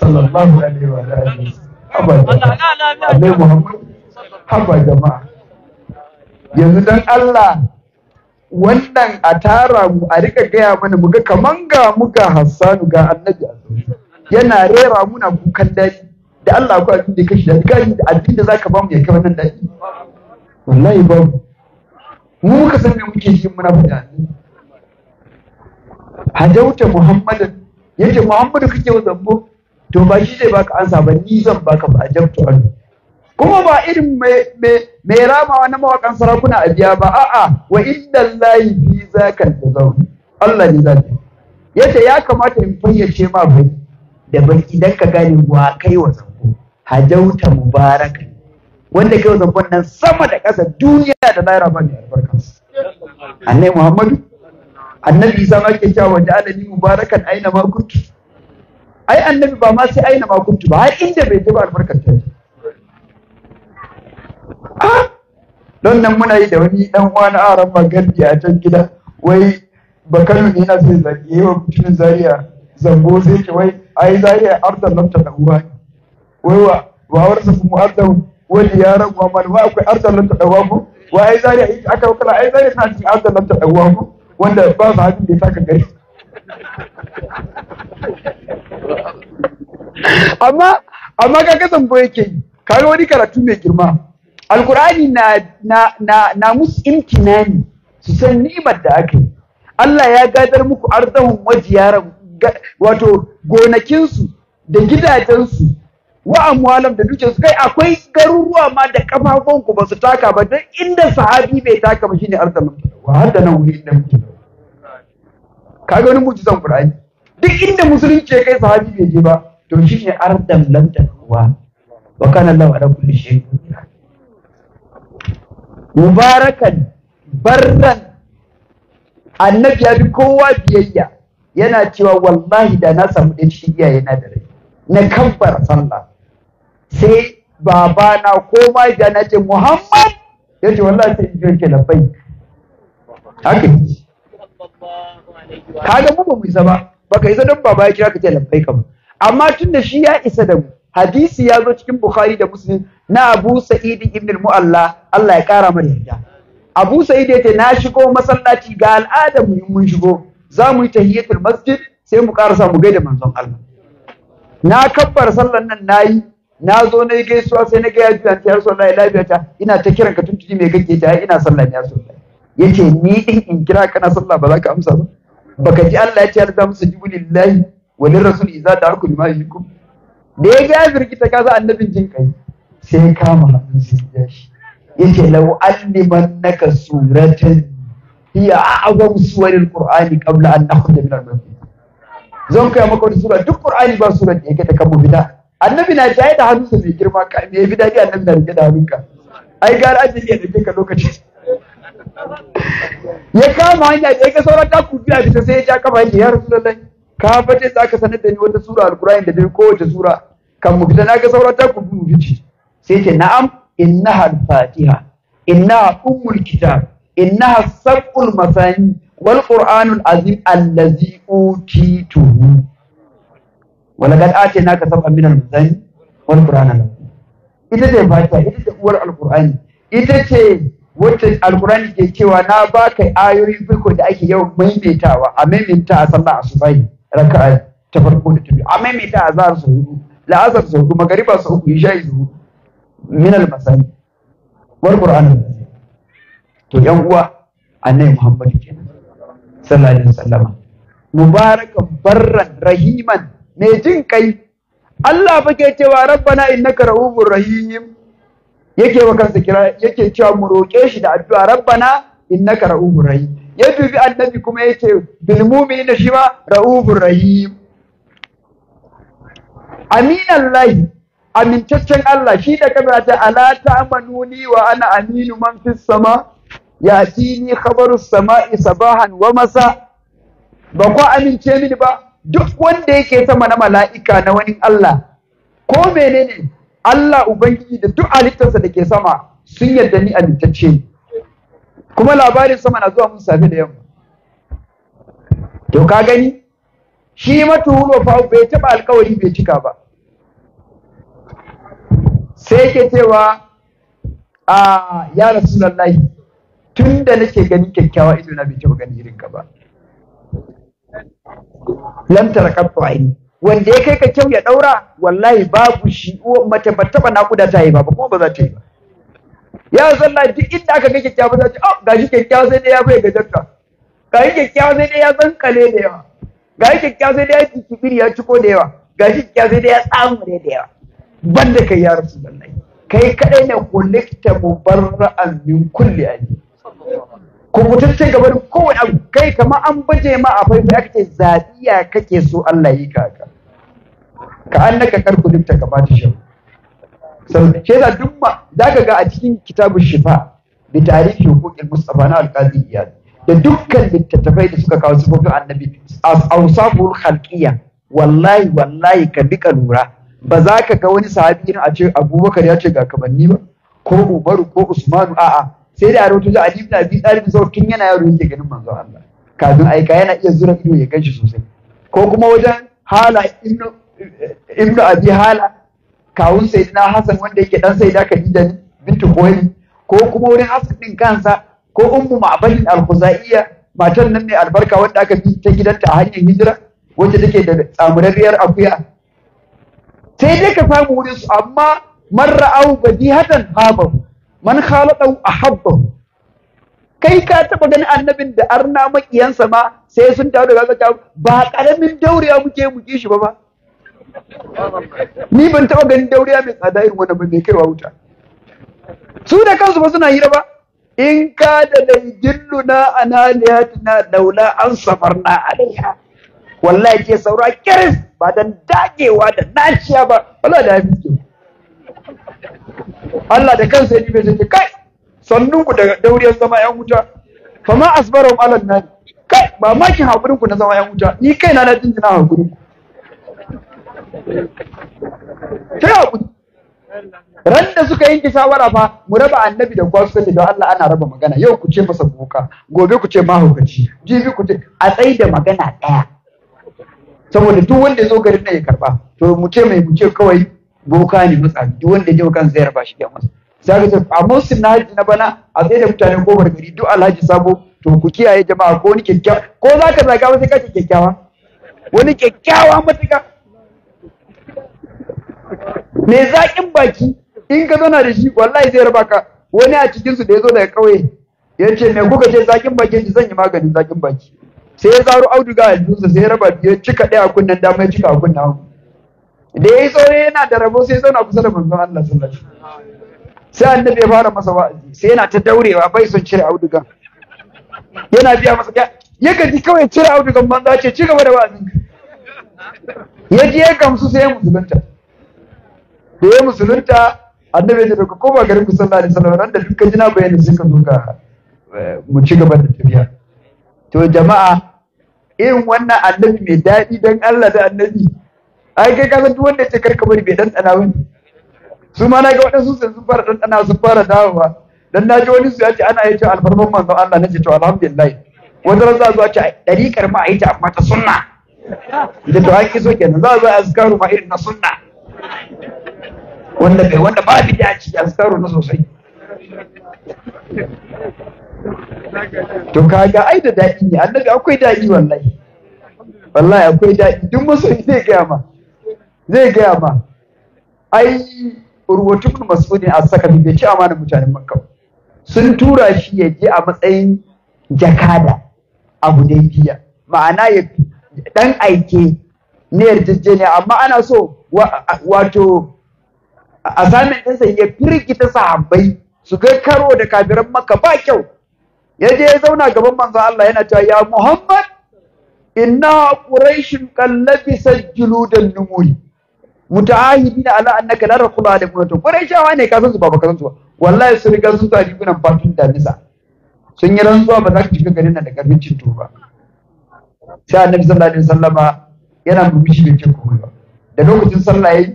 صلى الله عليه وسلم haba jama'a yanzu don Allah wannan a tara mu a rika gaya mana mu kaman ga mu ga Hassanu ga Annabi yana rera muna kukan daɗi da Allah ko abin da kashi da gani da abin da zaka ba mu ya kai nan daɗi wallahi ba mu muka san me muke shi muna faɗa hadauta muhammadan yace muhammadu kake wa zambo to ba shi zai baka ansa ba ni zan baka ba ajabtu an kuma ba irin mai ramawa na mawakan sarakuna a biya ba a'a wa inda layi bi za ka zauna. Allah ne za yace ya kamata in fayyace ma bai da ban idan ka gane wa kai wa zambo hajauta mubaraka wanda kai wa zambon nan sama da ƙasa duniya da naira ba ne albarkansa annabi muhammadu annabi isa ma ke cewa waje alani mubarakan aina ma kuntu ai annabi ba ma sai aina ma kuntu ba har inda bai je ba albarkar ta don nan muna yi da wani dan uwa na aran magani a can gida wai bakano ne na sai zaki yayi wa mutumin zaria zango sai ce wai ai zaria ardan lamta da uwa wai wa wa warsa kuma ardan wani yaran wa malwa akwai ardan lamta da uwa ko wa ai zaria aka kula ai zaria tana cikin ardan lamta da uwa ko wanda ba su hajji da ya saka gari amma amma ka kasan ba yake yi kawai wani karatu mai girma alkur'ani na na na na musu imtinani su san ni'imar da aka Allah ya gadar muku arzahun wajiyar wato gonakinsu da gidajensu wa amwalam da dukiyar su kai akwai garuruwa ma da kafafon ku ba su taka ba don inda sahabi bai taka ba shine arzamin wa hadda nan wuri da muke ka ga wani mu'jizan qur'ani duk inda musulunci ya kai sahabi bai je ba to shine ardam lam takwa wa kana Allah ala kulli shay'in mubarakan barran annabi ya bi kowa biyayya yana cewa wallahi da na samu dan shi iyaye na da rai na kabbara sallah sai babana ko ma da na ce Muhammad ya ce wallahi sai in ke labai haka kaga mu ba mu isa ba baka isa don baba ya kira ka ce labai ka ba amma tun da shi ya isa da mu hadisi ya zo cikin Bukhari da Muslim na Abu Sa'id ibn al-Mu'alla Allah ya kara mana yarda Abu Sa'id yace na shigo masallaci ga al'ada mu mun shigo za mu yi tahiyatul masjid sai mu karasa mu gaida manzon Allah na kabbar sallan nan nayi na zo na yi gaisuwa sai na gaya ya juya ta yarsu Allah lafiya ta ina ta kiran ka tuntuni mai kake ta ina sallah ne yarsu Allah yace ni din in kira kana sallah ba za ka amsa ba baka ji Allah ya ce alza musu wa lir rasul idza da'aku lima yikum da ya ga birkita ka za annabin jin kai sai ya kama hannun sai ya shi yace law allimannaka suratan hiya a'zam suwarin qur'ani qabla an nakhudda min al-masjid zan kai maka sura duk qur'ani ba sura da yake ta kan bid'a annabi na jaye da hannunsa mai girma ka me yafi dadi annabi na rike da hannunka ai gara ajiye da rike ka lokaci ya kama hanya da ga sauran taku a bisa sai ya ja kafa hanya ya rasulullahi ka bace za ka sanar da ni wata sura alqur'ani da dai kowace sura kan mu fita na ga sauran ta mu fice sai ce na'am inna al-fatiha inna ummul kitab inna sab'ul masani wal qur'anul azim allazi utitu wala kad atina ka sab'an min al-muzani wal qur'ana ita ce fatiha ita ce uwar alqur'ani ita ce wacce alqur'ani ke cewa na baka ayoyin biko da ake yawan maimaitawa a maimaita a sallah a asubahi raka'a ta farko da ta biyu a maimaita a zahar sau hudu la'asar sau hudu magariba su uku isha sau hudu min al-masani wal qur'ana to yan uwa annabi muhammad kenan sallallahu alaihi wasallam mubarakan barran rahiman mai jin kai Allah fa ke cewa rabbana innaka rahumur rahim yake wa kansa kira yake cewa mu roke shi da addu'a rabbana innaka rahumur rahim ya dubi annabi kuma yace bil mu'minina shi ma rahumur rahim aminallahi amintaccen Allah shi da kaza ta ala ta'manuni wa ana aminu man fis sama yatini khabarus sama'i sabahan wa masa ba ku amince mini ba duk wanda yake sama na mala'ika na wani Allah ko menene Allah ubangiji da duk halittarsa da ke sama sun yarda ni alittacce kuma labarin sama na zuwa mun safe da yamma to ka gani shi matuhulo fa bai taba alkawari bai cika ba sai ke cewa a ya rasulullahi tun da nake ganin kyakkyawa ido na bai taba gani irin ka ba lam tarakabtu aini wanda ya kai ka kyau ya daura wallahi babu shi mace ba taba nakuda ta yi ba kuma ba za ta yi ba ya zalla duk inda aka ga kyakkyawa za ta oh gashi kyakkyawa sai dai ya bai gajarta gashi kyakkyawa sai dai ya zankale da yawa gashi kyakkyawa sai dai ya kikibiri ya ciko da yawa gashi kyakkyawa sai dai ya ne da yawa banda kai ya rasu wallahi kai kadai ne kulikta mubarra'an min kulli ali kubutacce gaba da kowai abu kai kama an baje ma a faifai aka ce zaɗiya kake so Allah yi ka ka naka annaka karkulin ta kama ta shan saboda ke za duk ma ka ga a cikin kitabun shifa da tarihi huquqil mustafa na alƙazi iyad da dukkan littattafai da suka kawo sufofin annabi awsaful khalqiyya wallahi wallahi ka dika lura ba za ka ga wani sahabi irin a ce abubakar ya ce ga kamanni ba ko umaru ko usmanu a'a sai da a rubuta da Ali ibn tsarin saukin yana yaro yake ganin manzo Allah kafin aika yana iya zura ido ya ganshi sosai ko kuma wajen hala Abi hala kawun sayyidina Hassan wanda yake dan sayyida Khadija ne bintu Khuwaylid ko kuma wurin Hassan din kansa ko ummu Ma'balin al-Khuzaiya matan nan mai albarka wanda aka fi ta gidanta a hanyar hijira wanda take da tsamurarriyar akuya sai dai ka samu wurin su amma man ra'au badihatan habahu man khalaqahu ahabbahu kai ka taba ganin annabin da arna makiyansa ma sai sun dawo daga zaka ba karamin dauriya muke muke shi ba ba ni ban taba ganin dauriya mai tsada irin wannan ba mai kirwa wuta su da kansu ba suna hira ba in ka da laidilluna analiyatina daula an safarna alaiha wallahi ke saura kiris ba dan dagewa da naciya ba wallahi da hafi Allah da kansa ya dibe sai kai sannun ku da dauriyar zama yan wuta fama asbarum alal nar kai mamakin hakurin ku na zama yan wuta ni kai na jinjina hakurin ku ta hakuri Randa suka yanke shawara fa mu raba annabi da gwamnati don Allah ana raba magana yau ku ce masa buka gobe ku ce mahaukaci jibi ku ce a tsayi da magana ɗaya saboda duk wanda ya zo garin nan ya karba to mu ce mai mu ce kawai boka ne matsafi duk wanda ya kan zai raba shi da masa sai ga ce a musulun na na bana a tsaye da mutane ko gari duk alhaji sabo to ku kiyaye jama'a ko wani kyakkyawa ko za ka zaga wani kace kyakkyawa wani kyakkyawa mutuka me zaƙin baki in ka zauna da shi wallahi zai raba ka wani a cikinsu da ya zo daga ƙauye ya ce me kuka ce zaƙin baki ji zan yi maganin zaƙin baki sai ya zaro auduga a jinsa sai ya raba ya cika ɗaya a kunnen dama ya cika a kunnen da ya yi tsore yana da rabo sai zauna kusa da manzon Allah sallallahu alaihi wasallam sai annabi ya fara masa wa'azi sai yana ta daurewa bai son cire audugan yana biya masa ya gaji kawai cire audugan manzo ce ci gaba da wa'azin ya je ya gamsu sai ya musulunta da ya musulunta annabi ya ce ka koma garin ku sallallahu alaihi wasallam nan da duka jina bayani sai ka zo ka eh, mu ci gaba da tafiya to jama'a irin wannan annabi mai daɗi dan Allah da annabi ai kai ka san duk wanda ya karka bari bai dandana ba su ma na ga waɗansu sai sun fara dandana, sun fara dawowa dan na ji wani su ya ce ana yi cewa alfarman manzon Allah na ce to alhamdulillah Wani ran za zuwa ce ɗariƙar ma a yi ta amma ta sunna da to haƙi so kenan za a zo a azkaru ma irin na sunna wanda bai wanda ba bi da ci azkaru na sosai to kaga ai da daɗi ne annabi akwai daɗi wallahi wallahi akwai daɗi duk masoyi zai gaya ma zai gaya ma ai rubutu masu ne a sakafi bai ci amana mutanen makka sun tura shi ya je a matsayin jakada a hudaybiya ma'ana ya dan aike ne ne amma ana so wato assignment ɗinsa ya firgita sahabbai su ga karo da kafiran maka ba kyau ya je ya zauna gaban manzon Allah yana cewa ya Muhammad inna quraishun sajjulu da numuri muta'ahidina ala annaka la tadkhulu alayhim wa tum kurai shawa ne ka san su ba ka san su wallahi sun riga sun tsari gunan fatin da nisa sun yi rantsuwa ba za ka shiga garin nan da karfin cin ba sai annabi sallallahu alaihi wasallama yana murmushi da cikin komai da lokacin sallah yayi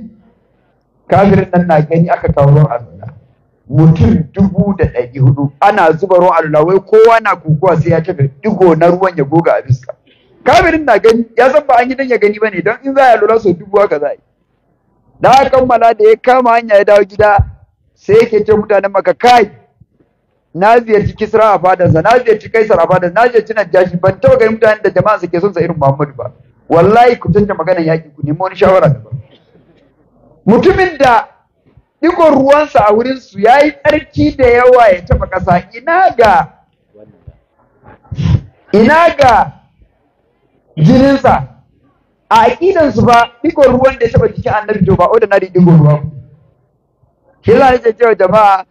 kafirin nan na gani aka kawo ruwan alula mutum dubu da ɗari hudu ana zuba ruwan alula wai kowa na kukuwa sai ya tafi digo na ruwan ya goga a biska kafirin na gani ya san ba an gidan ya gani ba ne, don in za a lura sau dubu haka za a yi Na kammala da ya kama hanya ya dawo gida sai yake ce mutanen maka kai na ziyarci kisra a fadarsa na ziyarci kaisar a fadarsa na ziyarci jashi ban taba ganin mutanen da jama'a suke son sa irin muhammadu ba wallahi ku canza magana yaki ku nemi wani shawara da mutumin da ɗigon ruwansa a wurin su yi tsarki da yawa ya taɓa ƙasa, ina ga ina ga jininsa a aqidan su ba ɗigon ruwan da ya taɓa jikin annabi to ba ordinary ɗigon ruwa shi yasa yake cewa jama'a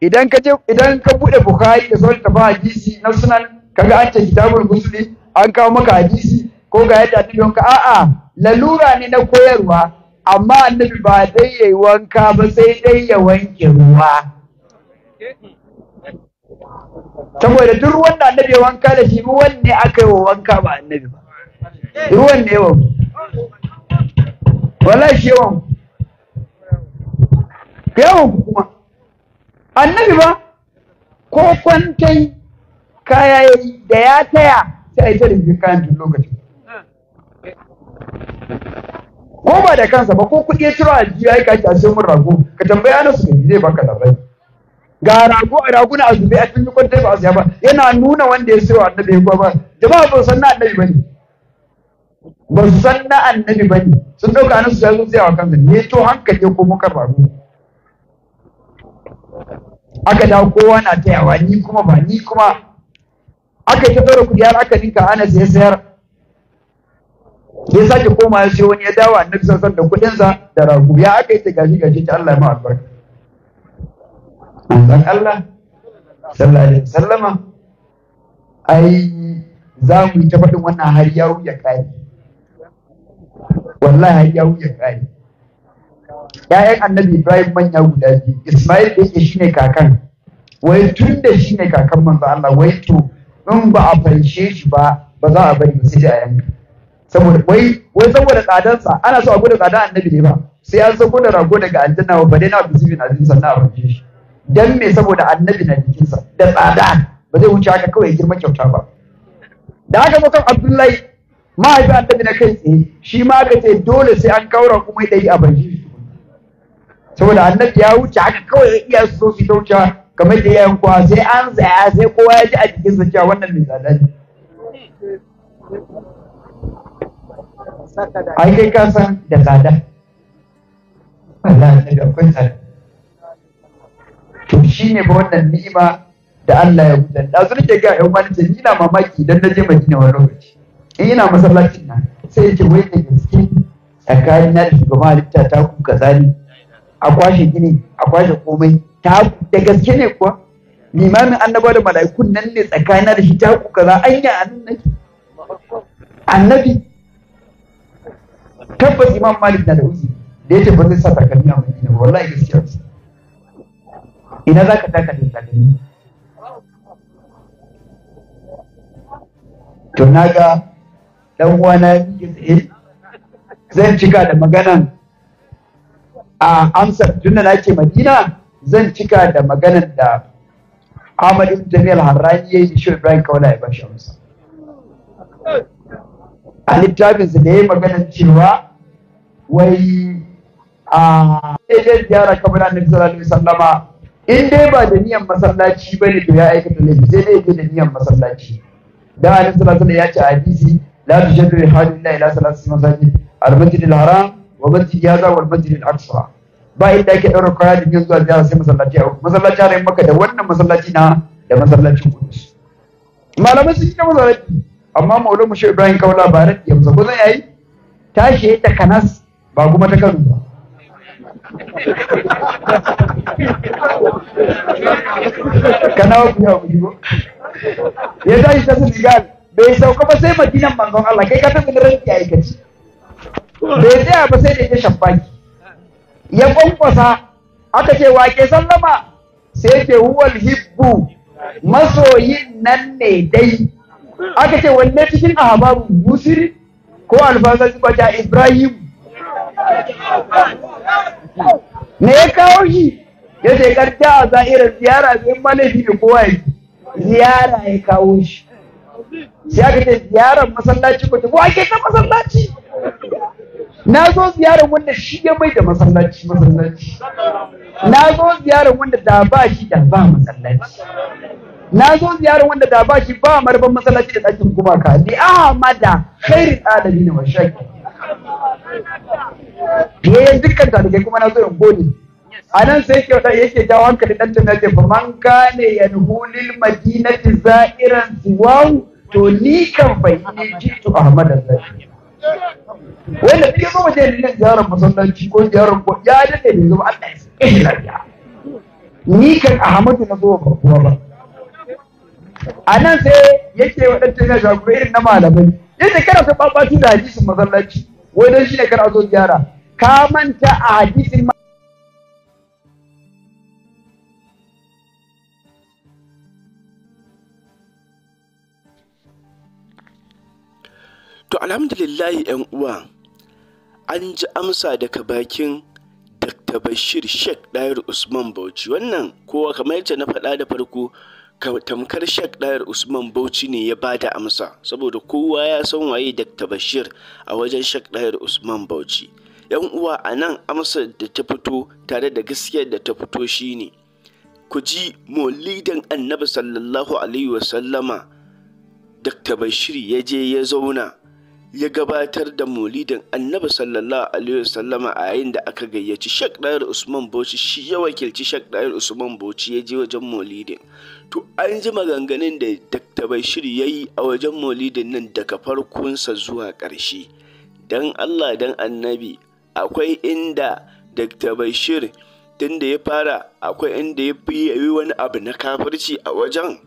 idan ka je idan ka bude bukhari da sauran ba hadisi na sunan kaga an ce kitabul gusuli an kawo maka hadisi ko ga yadda annabi ka a'a lalura ne na koyarwa amma annabi ba dai yayi wanka ba sai dai ya wanke ruwa saboda duk ruwan da annabi ya wanka da shi ruwan ne aka yi wa wanka ba annabi ba ruwan ne yawan wallahi shi yawan ku yawan kuma annabi ba ko kwantai kaya da ya taya sai a yi tarin jin kayan tun lokacin ko ba da kansa ba ko kuɗi ya ciro aljiya ya kashi a cikin rago ka tambayi ana su ne zai baka labari ga rago a raguna a zube a cikin kwantai ba a siya ba yana nuna wanda ya wa annabi ya ba jama'a ba san na annabi ba ne ba su san na annabi ba ne sun ɗauka nan su sun tsaya wa kansu ne to hankali ko muka faru aka dawo kowa na tayawa ni kuma ba ni kuma aka yi ta tsoro kudi har aka ninka ana sai sayar sai sake koma ya sai wani ya dawo annabi sassan da kuɗinsa da ragu ya aka yi ta gashi gashi ta Allah ya ma albarka dan Allah sallallahu alaihi wasallama ai za mu yi ta faɗin wannan har yawo ya kare wallahi ya wuce kare Ya'yan annabi ibrahim manya guda biyu ismail da yake shine kakan wai tun da shine kakan manzo Allah wai to in ba a fanshe shi ba ba za a bari ba sai a yanka saboda wai wai saboda tsadansa ana so a gudu tsadan annabi ne ba sai an sako da rago daga aljanna ba dai na bisibin azim sannan a fanshe shi dan me saboda annabi na jikinsa da tsada ba zai wuce haka kawai girma kyauta ba da haka mutum abdullahi an annabi na kai tsaye shi ma aka ce dole sai an kaura kuma ɗari a bai saboda annabi ya wuce haka kawai iya so su dauka kamar da yayan kowa sai an tsaya sai kowa ya ji a jikin sa cewa wannan mai tsada ne ai kai ka san da tsada Allah annabi akwai tsada to shine ba wannan ni'ima da Allah ya hutar da ke ga ƴan wani ni na mamaki idan na je Madina wani lokaci Eh, ina masallacin nan sai ya ce wai da gaske tsakanin na da shugaban halitta ta ku kaza ne a kwashe gini a kwashe komai ta da gaske ne kuwa limamin annabawa da mala'ikun nan ne tsakanin na da shi ta ku kaza an yi annabi annabi tabbas imam malik na da wuce da ya ce ba zai sa takalmi a madina ba wallahi gaskiya ina za ka taka da takalmi to na ga dan uwana zan cika da maganan a amsar tunda nake madina zan cika da maganan da Ahmad ibn Jamil al-Harrani yayi da Ibrahim Kaula ya bashi amsa a littafinsa da yayi maganan cewa wai a ɗaya ziyara kamar ne sallallahu alaihi wasallama in dai ba da niyan masallaci bane to ya aikata laifi sai dai da niyan masallaci dan annabi sallallahu alaihi wasallam ya ce hadisi لا تشد رحال إلا إلى ثلاث مساجد المسجد الحرام ومسجد هذا والمسجد الأقصى ba inda ake ɗaura kwaya da zuwa ziyara sai masallaci a masallaci a maka da wannan masallaci na da masallacin kudus malamai sun yi na masallaci amma maulon mu shehu ibrahim kawo labaran ya musa ko zai yayi tashi ya ta kanas ba kuma ta kano ba kanawa ku yawa ya tashi ta senegal bai sauka ba sai madinan manzon Allah kai ka tafi ran ki aikaci bai tsaya ba sai da ya shafaki ya kwankwasa aka ce wake sallama sai ce huwal hibbu masoyin nan ne dai aka ce wanne cikin ahabaru busiri ko alfazar kwata ibrahim me ya kawo shi ya ce karta a za'irar ziyara zai malafi da kowa ziyara ya kawo shi sai aka ce ziyarar masallaci ko tafi ake ta masallaci na zo ziyarar wanda shi ya mai da masallaci masallaci na zo ziyarar wanda da ba shi da ba masallaci na zo ziyarar wanda da ba shi ba marban masallaci da ɗakin gumaka bi ahmada khairin alamin wa shaki yayin dukkan talibai kuma na zo in gode a nan sai ke wata yake jawo hankali dan tunake ba man kana yanhu lil madinati za'iran siwahu to ni kan bai ne jitu Ahmad Al-Zaki wanda ke zo waje ne nan ziyarar masallaci ko ziyarar ko ya dade ne zama Allah ya sake lafiya ni kan Ahmadu na zo ba kuwa ba a nan sai yake waɗanda yana shaguru irin na malamai yadda kana babba babatu da hadisin masallaci wai don shi ne kana zo ziyara ka manta a hadisin To alhamdulillahi ‘yan uwa, an ji amsa daga bakin Dr. Bashir Sheikh Dayar Usman Bauchi. Wannan kowa kamar yadda na faɗa da farko, tamkar Sheikh Dayar Usman Bauchi ne ya ba da amsa, saboda kowa ya san waye Dr. Bashir a wajen Sheikh Dayar Usman Bauchi. ‘Yan uwa a nan amsar da ta fito tare da gaskiyar da ta fito shine ne. ku ji maulidin annabi sallallahu alaihi wasallama dr bashir ya je ya zauna ya gabatar da maulidin annabi sallallahu alaihi wasallama a yayin da aka gayyaci shek ɗayar usman bauchi shi ya wakilci shek dayar usman bauchi ya je wajen maulidin to an ji maganganun da dakta bashir ya yi a wajen maulidin nan daga farkonsa zuwa ƙarshe dan allah dan annabi akwai inda dakta bashir tun da ya fara akwai inda ya yi wani abu na kafirci a wajen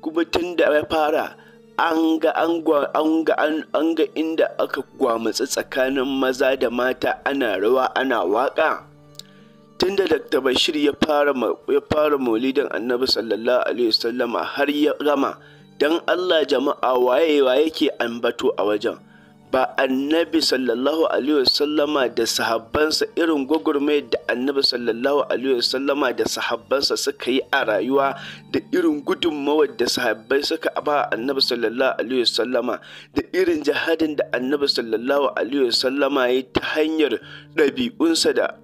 kuma tun da ya fara an ga an ga inda aka gwamutsa tsakanin maza da mata ana rawa ana waƙa tunda Dr. Bashir ya fara ya fara maulidin Annabi sallallahu alaihi wasallama har ya gama dan Allah jama'a waye wa yake ambato a wajen ba annabi sallallahu alaihi wasallama da sahabbansa irin gwagwarmayar da annabi sallallahu alaihi wasallama da sahabbansa suka yi a rayuwa da irin gudunmawar da sahabbai suka ba annabi sallallahu alaihi wasallama da irin jihadin da annabi sallallahu alaihi wasallama ya ta hanyar ɗabi'unsa da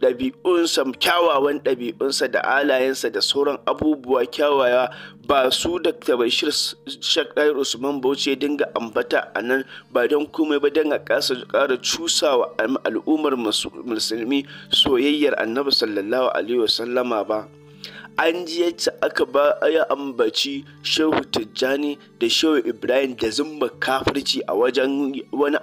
ɗabi'unsa kyawawan ɗabi'unsa da alayensa da sauran abubuwa kyawawa ba su da tabashir shakar usman bauchi ya dinga ambata a nan ba don komai ba don a ƙasa ƙara cusawa al'ummar musulmi soyayyar annabi sallallahu alaihi wasallama ba an ji yadda aka ba ya ambaci shehu tijjani da shehu ibrahim da zumba kafirci a wajen wani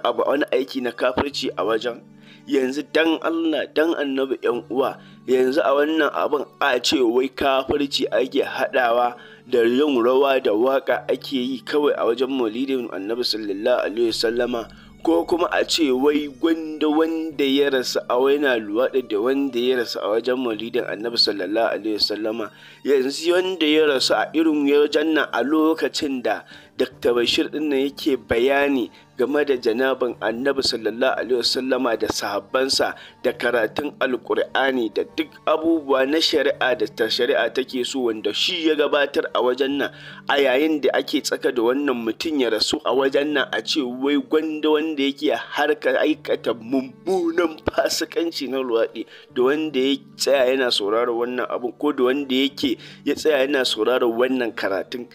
aiki na kafirci a wajen yanzu dan Allah dan annabi yan uwa yanzu a wannan abin a ce wai kafirci ake hadawa da yin rawa da waka ake yi kawai a wajen maulidin annabi sallallahu alaihi wasallama ko kuma a ce wai gwanda wanda ya rasu a na luwaɗi da wanda ya rasu a wajen maulidin annabi sallallahu alaihi wasallama yanzu wanda ya rasu a irin wajen nan a lokacin da Dr. Bashir din nan yake bayani game da janabin Annabi sallallahu alaihi wasallama da sahabbansa da karatun al'kur'ani da duk abubuwa na shari'a da ta shari'a take so wanda shi ya gabatar a wajen nan a yayin da ake tsaka da wannan mutum ya rasu a wajen nan a ce wai gwanda wanda yake harka aikata mummunan fasikanci na luwaɗi da wanda ya tsaya yana sauraron wannan abun ko da wanda yake ya tsaya yana sauraron wannan karatun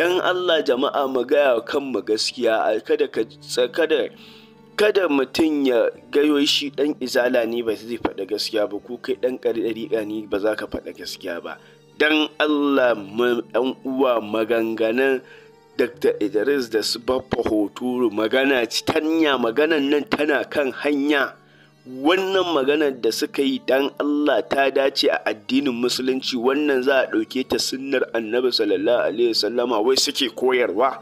dan Allah jama'a mu gaya wa kanmu gaskiya kada ka kada kada mutum ya gayo shi dan izala ne ba zai faɗa gaskiya ba ko kai dan ƙarƙariƙa ne ba za ka faɗa gaskiya ba dan Allah ɗan uwa maganganun Dr. Idris da su baffa hoturu magana tanya maganan nan tana kan hanya wannan maganar da suka yi dan Allah ta dace a addinin musulunci wannan za a ɗauke ta sunnar annabi sallallahu alaihi wasallama wai suke koyarwa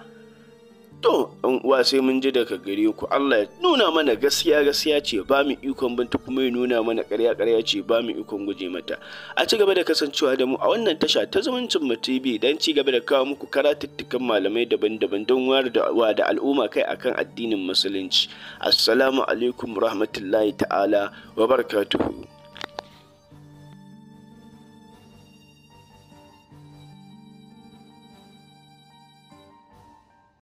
To, ‘yan uwa sai mun ji daga gare ku, Allah ya nuna mana gaskiya gaskiya ce ba mu ikon binta kuma ya nuna mana ƙarya ƙarya ce ba mu ikon guje mata. A ci gaba da kasancewa da mu a wannan tasha ta zumuncin mu TV don ci gaba da kawo muku karatuttukan malamai daban-daban don wayar da da al'umma kai akan addinin musulunci. Assalamu alaikum rahmatullahi ta'ala wa barakatuhu.